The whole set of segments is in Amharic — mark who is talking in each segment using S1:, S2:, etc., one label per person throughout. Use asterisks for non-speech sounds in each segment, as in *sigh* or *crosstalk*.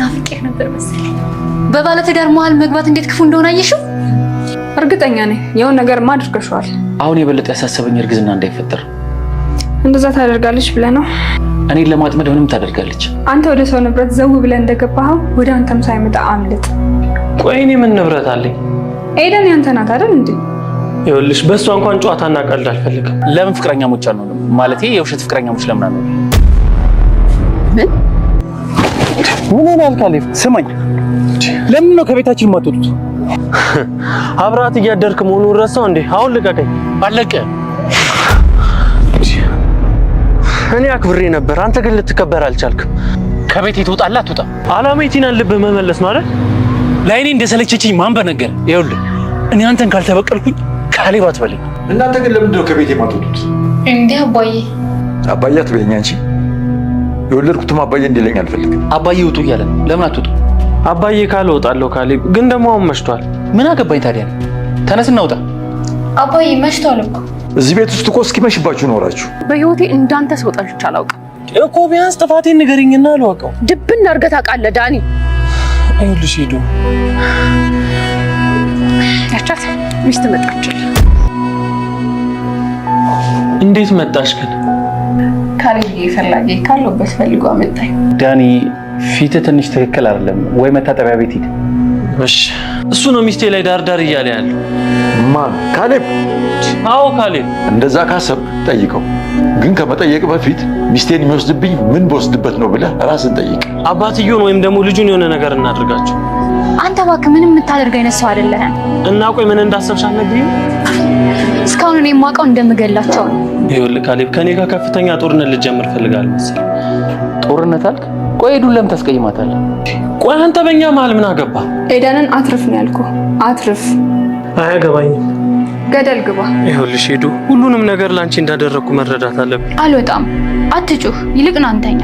S1: ናፍቄህ ነበር መሰለኝ። በባለ መሀል መግባት እንዴት ክፉ እንደሆነ አየሽው?
S2: እርግጠኛ ነኝ የሆነ ነገርማ አድርገሽዋል።
S3: አሁን የበለጠ ያሳሰበኝ እርግዝና እንዳይፈጠር።
S2: እንደዛ ታደርጋለች ብለህ ነው?
S3: እኔን ለማጥመድ ምንም ታደርጋለች።
S2: አንተ ወደ ሰው ንብረት ዘው ብለህ እንደገባኸው ወደ አንተም ሳይመጣ አምልጥ።
S3: ቆይ እኔ ምን ንብረት አለኝ?
S2: ኤደን ያንተ ናት አይደል እንዴ?
S3: ይኸውልሽ በእሷ እንኳን ጨዋታና ቀልድ አልፈልግም። ለምን ፍቅረኛሞች አንሆንም? ማለቴ የውሸት ፍቅረኛሞች ለምን አንሆንም?
S2: ምን
S4: ምን ይላል ካሌብ? ስማኝ፣ ለምን ነው ከቤታችን የማትወጡት? *laughs*
S3: አብረሃት እያደርክ መሆኑን ረሳው እንዴ? አሁን ልቀቀኝ። አለቀ። እኔ አክብሬ ነበር፣ አንተ ግን ልትከበር አልቻልክም።
S4: ከቤት ትወጣላ ትውጣ።
S3: አላማ የቲናን ልብ መመለስ ማለት
S4: ለአይኔ እንደሰለቸችኝ ማንበብ ነገር። ይኸውልህ እኔ አንተን ካልተበቀልኩኝ ካሌብ አትበለኝ።
S3: እናንተ ግን ለምንድን ነው ከቤት የማትወጡት?
S1: እንዲህ አባዬ
S5: አባዬ አትበይኝ አንቺ የወለድኩትም አባዬ እንዲለኝ አልፈልግም።
S4: አባዬ ውጡ እያለ ለምን አትወጡ?
S3: አባዬ ካለ እወጣለሁ። ካሌብ ግን ደግሞ አሁን መሽቷል።
S4: ምን አገባኝ ታዲያ? ተነስ እናውጣ።
S1: አባዬ መሽቷል እኮ።
S5: እዚህ ቤት ውስጥ እኮ እስኪመሽባችሁ ኖራችሁ።
S1: በህይወቴ እንዳንተ ሰው ጠልቼ አላውቅም
S3: እኮ። ቢያንስ ጥፋቴን ንገሪኝና አልዋቀው።
S1: ድብን አድርገህ ታውቃለህ ዳኒ። ይኸውልሽ ሂዱ ያቻት ሚስት መጣችል።
S3: እንዴት መጣሽ ግን
S1: ፈላጊ ካለውበት ፈልጎ አመጣኝ።
S3: ዳኒ ፊት ትንሽ ትክክል አይደለም ወይ? መታጠቢያ ቤት ሂድ።
S4: እሺ እሱ ነው ሚስቴ ላይ ዳርዳር እያለ ያለው።
S5: ማን? ካሌብ። አዎ ካሌብ። እንደዛ ካሰብ ጠይቀው፣ ግን ከመጠየቅ በፊት ሚስቴን የሚወስድብኝ ምን በወስድበት ነው ብለህ ራስን ጠይቅ።
S4: አባትየውን ወይም ደግሞ ልጁን የሆነ ነገር እናድርጋቸው።
S1: አንተ እባክህ ምንም የምታደርግ አይነት ሰው አይደለህም።
S4: እና ቆይ ምን እንዳሰብሽ አልነግሪኝም?
S1: እስካሁን እኔ የማውቀው እንደምገላቸው ነው
S3: ይኸውልህ ካሌብ ከኔ ጋር ከፍተኛ ጦርነት ልጀምር ፈልጋል መሰለኝ።
S4: ጦርነት አልክ? ቆይ ሄዱን ለምን ታስቀይማታለህ?
S3: ቆይ አንተ በእኛ መሀል ምን አገባ?
S2: ኤደንን አትርፍ ነው ያልኩህ። አትርፍ።
S3: አያገባኝም። ገደል ግባ። ይኸውልሽ ሄዱ፣ ሁሉንም ነገር ላንቺ እንዳደረግኩ መረዳት አለብ
S1: አልወጣም። አትጩህ። ይልቅ ና አንተኛ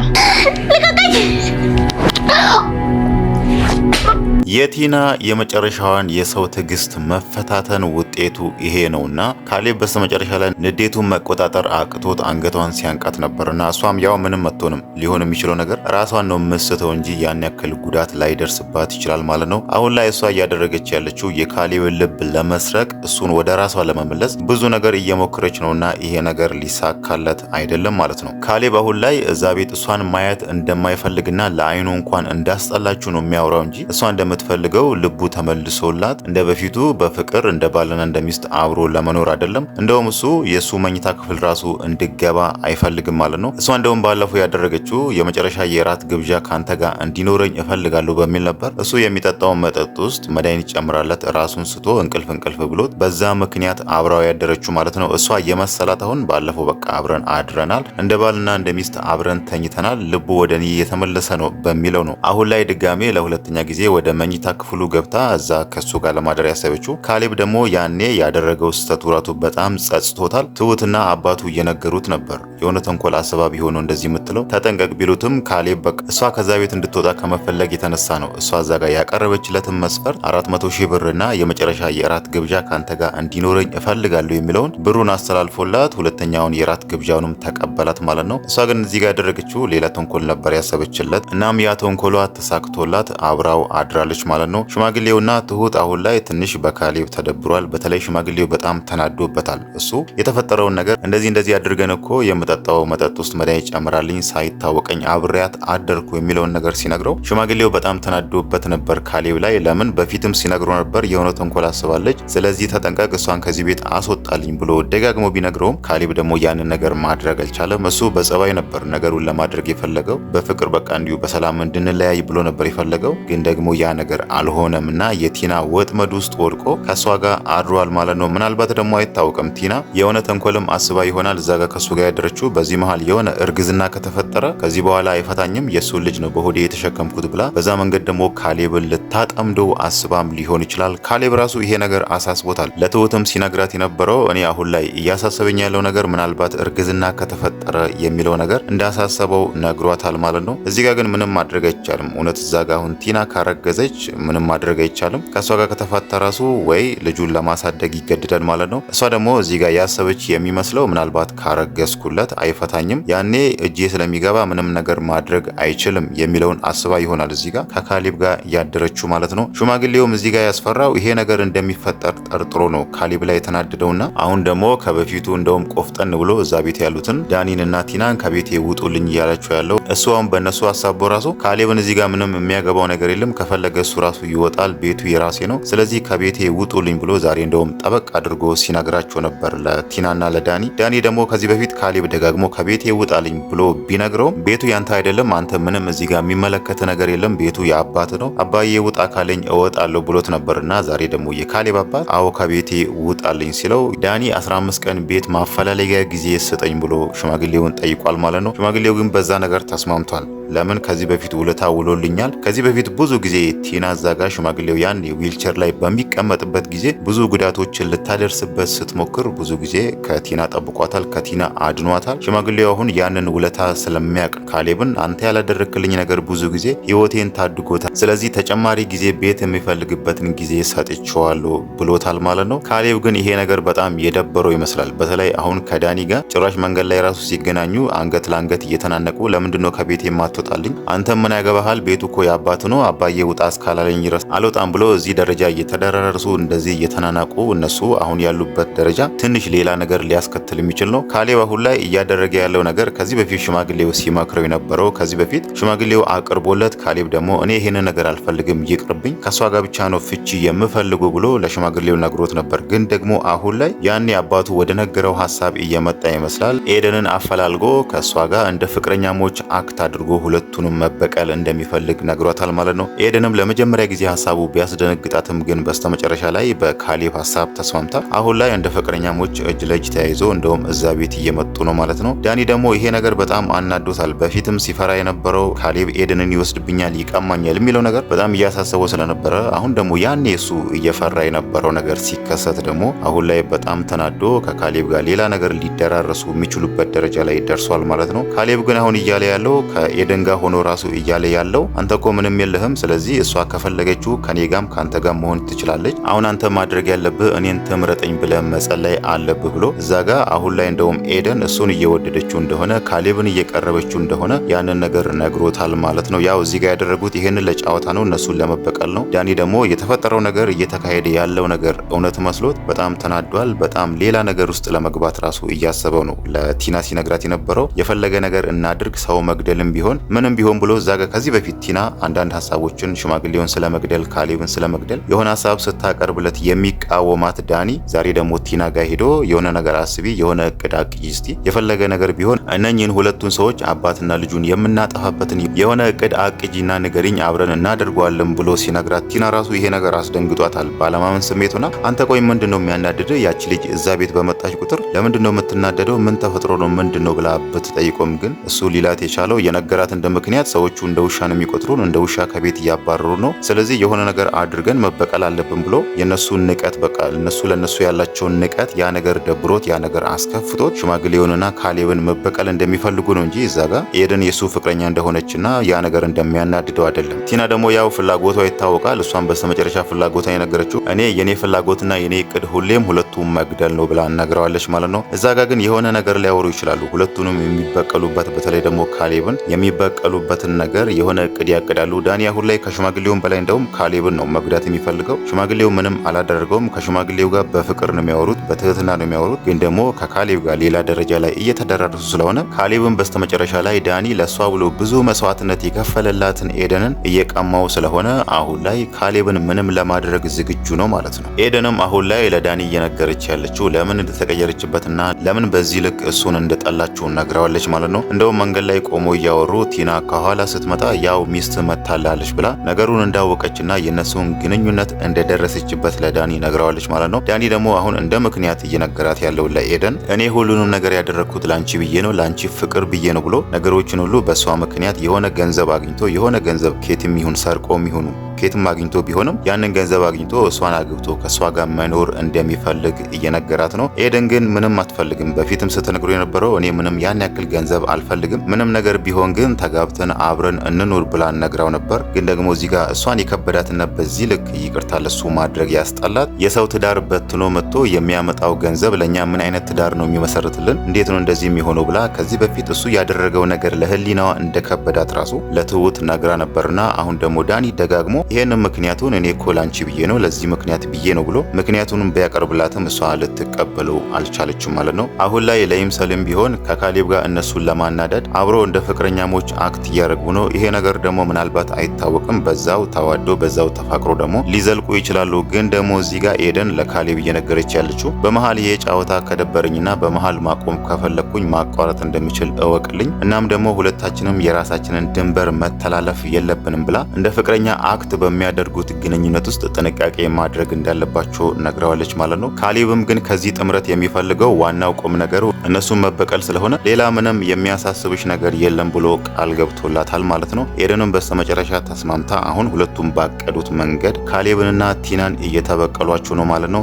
S6: የቲና የመጨረሻዋን የሰው ትዕግስት መፈታተን ውጤቱ ይሄ ነውና ካሌብ በስተመጨረሻ ላይ ንዴቱን መቆጣጠር አቅቶት አንገቷን ሲያንቃት ነበርና እሷም ያው ምንም መጥቶንም ሊሆን የሚችለው ነገር ራሷን ነው ምስተው እንጂ ያን ያክል ጉዳት ላይደርስባት ይችላል ማለት ነው። አሁን ላይ እሷ እያደረገች ያለችው የካሌብ ልብ ለመስረቅ እሱን ወደ ራሷ ለመመለስ ብዙ ነገር እየሞከረች ነውና ይሄ ነገር ሊሳካለት አይደለም ማለት ነው። ካሌብ አሁን ላይ እዛ ቤት እሷን ማየት እንደማይፈልግና ለአይኑ እንኳን እንዳስጠላችሁ ነው የሚያወራው እንጂ እሷ የምትፈልገው ልቡ ተመልሶላት እንደ በፊቱ በፍቅር እንደ ባልና እንደ ሚስት አብሮ ለመኖር አይደለም። እንደውም እሱ የእሱ መኝታ ክፍል ራሱ እንድገባ አይፈልግም ማለት ነው። እሷ እንደውም ባለፈው ያደረገችው የመጨረሻ የራት ግብዣ ካንተ ጋር እንዲኖረኝ እፈልጋለሁ በሚል ነበር። እሱ የሚጠጣውን መጠጥ ውስጥ መድኃኒት ጨምራለት ራሱን ስቶ እንቅልፍ እንቅልፍ ብሎት በዛ ምክንያት አብራው ያደረችው ማለት ነው። እሷ የመሰላት አሁን ባለፈው በቃ አብረን አድረናል፣ እንደ ባልና እንደ ሚስት አብረን ተኝተናል፣ ልቡ ወደ እኔ እየተመለሰ ነው በሚለው ነው። አሁን ላይ ድጋሜ ለሁለተኛ ጊዜ ወደ መኝታ ክፍሉ ገብታ እዛ ከሱ ጋር ለማደር ያሰበችው። ካሌብ ደግሞ ያኔ ያደረገው ስህተት ውራቱ በጣም ጸጽቶታል። ትሁትና አባቱ እየነገሩት ነበር የሆነ ተንኮል አስባ ቢሆኑ እንደዚህ የምትለው ተጠንቀቅ ቢሉትም ካሌብ በቃ እሷ ከዛ ቤት እንድትወጣ ከመፈለግ የተነሳ ነው። እሷ እዛ ጋር ያቀረበችለትን መስፈርት አራት መቶ ሺህ ብርና የመጨረሻ የእራት ግብዣ ከአንተ ጋር እንዲኖረኝ እፈልጋለሁ የሚለውን ብሩን አስተላልፎላት ሁለተኛውን የራት ግብዣውንም ተቀበላት ማለት ነው። እሷ ግን እዚህ ጋር ያደረገችው ሌላ ተንኮል ነበር ያሰበችለት። እናም ያ ተንኮሏ ተሳክቶላት አብራው አድራለች ትሆናለች ማለት ነው። ሽማግሌውና ትሁት አሁን ላይ ትንሽ በካሌብ ተደብሯል። በተለይ ሽማግሌው በጣም ተናዶበታል። እሱ የተፈጠረውን ነገር እንደዚህ እንደዚህ አድርገን እኮ የምጠጣው መጠጥ ውስጥ መድኃኒት ጨምራልኝ ሳይታወቀኝ አብሬያት አደርኩ የሚለውን ነገር ሲነግረው ሽማግሌው በጣም ተናዶበት ነበር ካሌብ ላይ። ለምን በፊትም ሲነግሮ ነበር የሆነ ተንኮል አስባለች፣ ስለዚህ ተጠንቀቅ፣ እሷን ከዚህ ቤት አስወጣልኝ ብሎ ደጋግሞ ቢነግረውም ካሌብ ደግሞ ያንን ነገር ማድረግ አልቻለም። እሱ በጸባይ ነበር ነገሩን ለማድረግ የፈለገው፣ በፍቅር በቃ እንዲሁ በሰላም እንድንለያይ ብሎ ነበር የፈለገው ግን ደግሞ ያ ነገር አልሆነም እና የቲና ወጥመድ ውስጥ ወድቆ ከእሷ ጋር አድሯል ማለት ነው። ምናልባት ደግሞ አይታወቅም። ቲና የሆነ ተንኮልም አስባ ይሆናል እዛ ጋር ከእሱ ጋር ያደረችው። በዚህ መሀል የሆነ እርግዝና ከተፈጠረ ከዚህ በኋላ አይፈታኝም፣ የእሱን ልጅ ነው በሆዴ የተሸከምኩት ብላ በዛ መንገድ ደግሞ ካሌብን ልታጠምዶ አስባም ሊሆን ይችላል። ካሌብ ራሱ ይሄ ነገር አሳስቦታል። ለትሁትም ሲነግራት የነበረው እኔ አሁን ላይ እያሳሰበኝ ያለው ነገር ምናልባት እርግዝና ከተፈጠረ የሚለው ነገር እንዳሳሰበው ነግሯታል ማለት ነው። እዚህ ጋር ግን ምንም ማድረግ አይቻልም። እውነት እዛ ጋ አሁን ቲና ካረገዘች ትችላለች። ምንም ማድረግ አይቻልም። ከእሷ ጋር ከተፋታ ራሱ ወይ ልጁን ለማሳደግ ይገድዳል ማለት ነው። እሷ ደግሞ እዚህ ጋር ያሰበች የሚመስለው ምናልባት ካረገዝኩለት አይፈታኝም፣ ያኔ እጄ ስለሚገባ ምንም ነገር ማድረግ አይችልም የሚለውን አስባ ይሆናል እዚህ ጋር ከካሊብ ጋር ያደረችው ማለት ነው። ሽማግሌውም እዚህ ጋር ያስፈራው ይሄ ነገር እንደሚፈጠር ጠርጥሮ ነው ካሊብ ላይ የተናደደውና አሁን ደግሞ ከበፊቱ እንደውም ቆፍጠን ብሎ እዛ ቤት ያሉትን ዳኒንና ቲናን ከቤቴ ውጡልኝ እያላቸው ያለው እሱ አሁን በእነሱ አሳቦ ራሱ ካሊብን እዚህ ጋር ምንም የሚያገባው ነገር የለም ከፈለገ እሱ ራሱ ይወጣል። ቤቱ የራሴ ነው፣ ስለዚህ ከቤቴ ውጡልኝ ብሎ ዛሬ እንደውም ጠበቅ አድርጎ ሲነግራቸው ነበር ለቲናና ለዳኒ። ዳኒ ደግሞ ከዚህ በፊት ካሌብ ደጋግሞ ከቤቴ ውጣልኝ ብሎ ቢነግረውም ቤቱ ያንተ አይደለም፣ አንተ ምንም እዚህ ጋር የሚመለከት ነገር የለም፣ ቤቱ የአባት ነው፣ አባዬ ውጣ ካለኝ እወጣለሁ ብሎት ነበርና ዛሬ ደግሞ የካሌብ አባት አዎ ከቤቴ ውጣልኝ ሲለው ዳኒ 15 ቀን ቤት ማፈላለጊያ ጊዜ ስጠኝ ብሎ ሽማግሌውን ጠይቋል ማለት ነው። ሽማግሌው ግን በዛ ነገር ተስማምቷል። ለምን ከዚህ በፊት ውለታ ውሎልኛል፣ ከዚህ በፊት ብዙ ጊዜ ቲና አዛጋ ሽማግሌው ያን ዊልቸር ላይ በሚቀመጥበት ጊዜ ብዙ ጉዳቶችን ልታደርስበት ስትሞክር ብዙ ጊዜ ከቲና ጠብቋታል፣ ከቲና አድኗታል። ሽማግሌው አሁን ያንን ውለታ ስለሚያውቅ ካሌብን አንተ ያላደረክልኝ ነገር ብዙ ጊዜ ህይወቴን ታድጎታል፣ ስለዚህ ተጨማሪ ጊዜ ቤት የሚፈልግበትን ጊዜ ሰጥቼዋለሁ ብሎታል ማለት ነው። ካሌብ ግን ይሄ ነገር በጣም የደበረው ይመስላል። በተለይ አሁን ከዳኒ ጋር ጭራሽ መንገድ ላይ ራሱ ሲገናኙ አንገት ለአንገት እየተናነቁ ለምንድነው ከቤት የማትወጣልኝ? አንተ ምን ያገባሃል? ቤቱ እኮ የአባት ነው አባዬ ውጣ እስካላለኝ ድረስ አልወጣም ብሎ እዚህ ደረጃ እየተደረረሱ እንደዚህ እየተናናቁ እነሱ አሁን ያሉበት ደረጃ ትንሽ ሌላ ነገር ሊያስከትል የሚችል ነው። ካሌብ አሁን ላይ እያደረገ ያለው ነገር ከዚህ በፊት ሽማግሌው ሲመክረው የነበረው ከዚህ በፊት ሽማግሌው አቅርቦለት ካሌብ ደግሞ እኔ ይሄንን ነገር አልፈልግም ይቅርብኝ፣ ከእሷ ጋር ብቻ ነው ፍቺ የምፈልጉ ብሎ ለሽማግሌው ነግሮት ነበር። ግን ደግሞ አሁን ላይ ያኔ አባቱ ወደ ነገረው ሀሳብ እየመጣ ይመስላል። ኤደንን አፈላልጎ ከእሷ ጋር እንደ ፍቅረኛሞች አክት አድርጎ ሁለቱንም መበቀል እንደሚፈልግ ነግሯታል ማለት ነው። ኤደንም ለመጀመሪያ ጊዜ ሀሳቡ ቢያስደነግጣትም ግን በስተመጨረሻ ላይ በካሌብ ሀሳብ ተስማምታ አሁን ላይ እንደ ፍቅረኛሞች እጅ ለእጅ ተያይዞ እንደውም እዛ ቤት እየመጡ ነው ማለት ነው። ዳኒ ደግሞ ይሄ ነገር በጣም አናዶታል። በፊትም ሲፈራ የነበረው ካሌብ ኤደንን ይወስድብኛል፣ ይቀማኛል የሚለው ነገር በጣም እያሳሰበው ስለነበረ አሁን ደግሞ ያኔ እሱ እየፈራ የነበረው ነገር ሲከሰት ደግሞ አሁን ላይ በጣም ተናዶ ከካሌብ ጋር ሌላ ነገር ሊደራረሱ የሚችሉበት ደረጃ ላይ ደርሷል ማለት ነው። ካሌብ ግን አሁን እያለ ያለው ከኤደን ጋር ሆኖ ራሱ እያለ ያለው አንተ እኮ ምንም የለህም፣ ስለዚህ እሷ እሷ ከፈለገችው ከኔ ጋም ከአንተ ጋም መሆን ትችላለች። አሁን አንተ ማድረግ ያለብህ እኔን ትምረጠኝ ብለህ መጸለይ አለብህ ብሎ እዛ ጋ አሁን ላይ እንደውም ኤደን እሱን እየወደደችው እንደሆነ ካሌብን እየቀረበችው እንደሆነ ያንን ነገር ነግሮታል ማለት ነው። ያው እዚህ ያደረጉት ይህንን ለጨዋታ ነው፣ እነሱን ለመበቀል ነው። ዳኒ ደግሞ የተፈጠረው ነገር እየተካሄደ ያለው ነገር እውነት መስሎት በጣም ተናዷል። በጣም ሌላ ነገር ውስጥ ለመግባት ራሱ እያሰበው ነው። ለቲና ሲነግራት የነበረው የፈለገ ነገር እናድርግ ሰው መግደልም ቢሆን ምንም ቢሆን ብሎ እዛ ጋ ከዚህ በፊት ቲና አንዳንድ ሀሳቦችን ሽማግ ሽማግሌውን ስለመግደል፣ ካሌብን ስለመግደል የሆነ ሀሳብ ስታቀርብለት የሚቃወማት ዳኒ ዛሬ ደግሞ ቲና ጋር ሄዶ የሆነ ነገር አስቢ፣ የሆነ እቅድ አቅጂ እስቲ የፈለገ ነገር ቢሆን እነኝህን ሁለቱን ሰዎች አባትና ልጁን የምናጠፋበትን የሆነ እቅድ አቅጂና ንገሪኝ፣ አብረን እናደርገዋለን ብሎ ሲነግራት ቲና ራሱ ይሄ ነገር አስደንግጧታል። ባለማመን ስሜት ሆና አንተ ቆይ ምንድን ነው የሚያናድድ? ያቺ ልጅ እዛ ቤት በመጣች ቁጥር ለምንድን ነው የምትናደደው? ምን ተፈጥሮ ነው ምንድን ነው ብላ ብትጠይቆም ግን እሱ ሊላት የቻለው የነገራት እንደ ምክንያት ሰዎቹ እንደ ውሻ ነው የሚቆጥሩን፣ እንደ ውሻ ከቤት እያባረሩ ነው። ስለዚህ የሆነ ነገር አድርገን መበቀል አለብን ብሎ የነሱን ንቀት በቃ እነሱ ለነሱ ያላቸውን ንቀት ያ ነገር ደብሮት ያ ነገር አስከፍቶት ሽማግሌውንና ካሌብን መበቀል እንደሚፈልጉ ነው እንጂ እዛ ጋ ኤደን የሱ ፍቅረኛ እንደሆነችና ያ ነገር እንደሚያናድደው አይደለም። ቲና ደግሞ ያው ፍላጎቷ ይታወቃል። እሷን በስተመጨረሻ ፍላጎቷ የነገረችው እኔ የኔ ፍላጎትና የኔ እቅድ ሁሌም ሁለቱም መግደል ነው ብላ እናገረዋለች ማለት ነው። እዛ ጋ ግን የሆነ ነገር ሊያወሩ ይችላሉ። ሁለቱንም የሚበቀሉበት በተለይ ደግሞ ካሌብን የሚበቀሉበትን ነገር የሆነ እቅድ ያቅዳሉ። ዳኒ አሁን ላይ ከሽማግሌ ከሽማግሌውም በላይ እንደውም ካሌብን ነው መጉዳት የሚፈልገው። ሽማግሌው ምንም አላደረገውም። ከሽማግሌው ጋር በፍቅር ነው የሚያወሩት፣ በትህትና ነው የሚያወሩት። ግን ደግሞ ከካሌብ ጋር ሌላ ደረጃ ላይ እየተደራደሱ ስለሆነ ካሌብን በስተመጨረሻ ላይ ዳኒ ለእሷ ብሎ ብዙ መስዋዕትነት የከፈለላትን ኤደንን እየቀማው ስለሆነ አሁን ላይ ካሌብን ምንም ለማድረግ ዝግጁ ነው ማለት ነው። ኤደንም አሁን ላይ ለዳኒ እየነገረች ያለችው ለምን እንደተቀየረችበትና ለምን በዚህ ልክ እሱን እንደጠላችው ነግረዋለች ማለት ነው። እንደውም መንገድ ላይ ቆሞ እያወሩ ቲና ከኋላ ስትመጣ ያው ሚስት መታላለች ብላ ነገሩ ነገሩን እንዳወቀችና የእነሱን ግንኙነት እንደደረሰችበት ለዳኒ ነግረዋለች ማለት ነው። ዳኒ ደግሞ አሁን እንደ ምክንያት እየነገራት ያለው ለኤደን እኔ ሁሉንም ነገር ያደረግኩት ላንቺ ብዬ ነው፣ ላንቺ ፍቅር ብዬ ነው ብሎ ነገሮችን ሁሉ በእሷ ምክንያት የሆነ ገንዘብ አግኝቶ የሆነ ገንዘብ ኬትም ይሁን ሰርቆም ይሁኑ ከየትም አግኝቶ ቢሆንም ያንን ገንዘብ አግኝቶ እሷን አግብቶ ከእሷ ጋር መኖር እንደሚፈልግ እየነገራት ነው። ኤደን ግን ምንም አትፈልግም። በፊትም ስትነግሮ የነበረው እኔ ምንም ያን ያክል ገንዘብ አልፈልግም፣ ምንም ነገር ቢሆን ግን ተጋብተን አብረን እንኑር ብላ ነግራው ነበር። ግን ደግሞ እዚህ ጋር እሷን የከበዳትና በዚህ ልክ ይቅርታ ለሱ ማድረግ ያስጠላት የሰው ትዳር በትኖ መጥቶ የሚያመጣው ገንዘብ ለእኛ ምን አይነት ትዳር ነው የሚመሰርትልን? እንዴት ነው እንደዚህ የሚሆነው ብላ ከዚህ በፊት እሱ ያደረገው ነገር ለህሊናዋ እንደከበዳት ራሱ ለትሁት ነግራ ነበርና አሁን ደግሞ ዳኒ ደጋግሞ ይሄንን ምክንያቱን እኔ እኮ ላንቺ ብዬ ነው ለዚህ ምክንያት ብዬ ነው ብሎ ምክንያቱንም ቢያቀርብላትም እሷ ልትቀበለው አልቻለችም ማለት ነው። አሁን ላይ ለይምሰልም ቢሆን ከካሌብ ጋር እነሱን ለማናደድ አብሮ እንደ ፍቅረኛሞች አክት እያደረጉ ነው። ይሄ ነገር ደግሞ ምናልባት አይታወቅም። በዛው ተዋዶ በዛው ተፋቅሮ ደግሞ ሊዘልቁ ይችላሉ። ግን ደግሞ እዚህ ጋር ኤደን ለካሌብ እየነገረች ያለችው በመሀል ይሄ ጨዋታ ከደበረኝና በመሀል ማቆም ከፈለግኩኝ ማቋረጥ እንደምችል እወቅልኝ፣ እናም ደግሞ ሁለታችንም የራሳችንን ድንበር መተላለፍ የለብንም ብላ እንደ ፍቅረኛ አክት በሚያደርጉት ግንኙነት ውስጥ ጥንቃቄ ማድረግ እንዳለባቸው ነግረዋለች ማለት ነው። ካሌብም ግን ከዚህ ጥምረት የሚፈልገው ዋናው ቁም ነገሩ እነሱን መበቀል ስለሆነ ሌላ ምንም የሚያሳስብሽ ነገር የለም ብሎ ቃል ገብቶላታል ማለት ነው። ኤደንም በስተመጨረሻ ተስማምታ አሁን ሁለቱም ባቀዱት መንገድ ካሌብንና ቲናን እየተበቀሏቸው ነው ማለት ነው።